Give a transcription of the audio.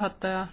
juhataja